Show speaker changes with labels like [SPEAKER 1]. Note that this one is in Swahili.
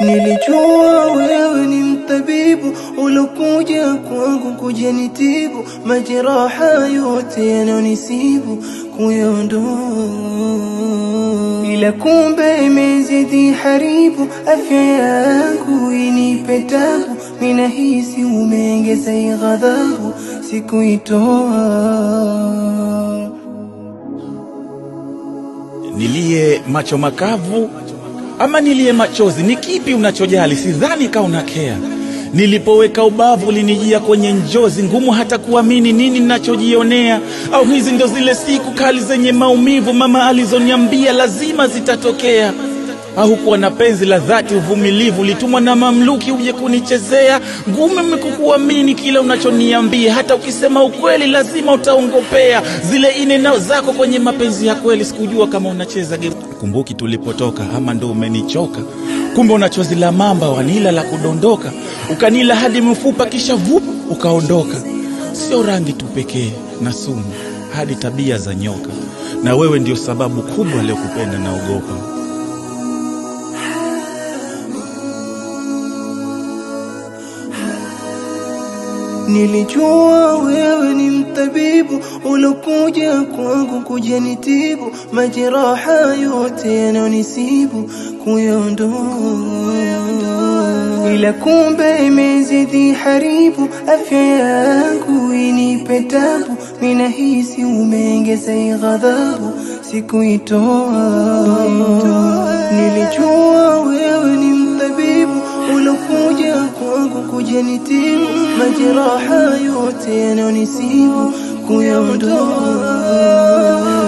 [SPEAKER 1] Nilijua wewe ni mtabibu, ulokuja kwangu kujenitibu majeraha yote yanonisibu kuyaondoa, ila kumbe imezidi haribu afya yangu inipe tabu, minahisi umeongeza ighadhabu sikuitoa, niliye macho makavu ama niliye machozi? Ni kipi unachojali? Sidhani kaa unakea. Nilipoweka ubavu ulinijia kwenye njozi ngumu, hata kuamini nini ninachojionea. Au hizi ndo zile siku kali zenye maumivu mama alizoniambia lazima zitatokea. Haukuwa na penzi la dhati, uvumilivu. Ulitumwa na mamluki uje kunichezea ngume. mekukuamini kila unachoniambia, hata ukisema ukweli lazima utaongopea. Zile nao zako kwenye mapenzi ya kweli, sikujua kama unacheza game. Kumbuki tulipotoka, ama ndo umenichoka? Kumbe unachozi la mamba, wanila la kudondoka, ukanila hadi mfupa, kisha vupu ukaondoka. Sio rangi tu pekee na sumu, hadi tabia za nyoka. Na wewe ndio sababu kubwa leo kupenda ogopa Nilijua wewe ni mtabibu ulokuja kwangu kujanitibu majeraha yote yanayonisibu kuyaondoa, ila kumbe imezidi haribu afya yangu inipe tabu, minahisi umeongeza ghadhabu sikuitoa ya kwangu kujanitimu majeraha yote yanayonisibu kuyaondoa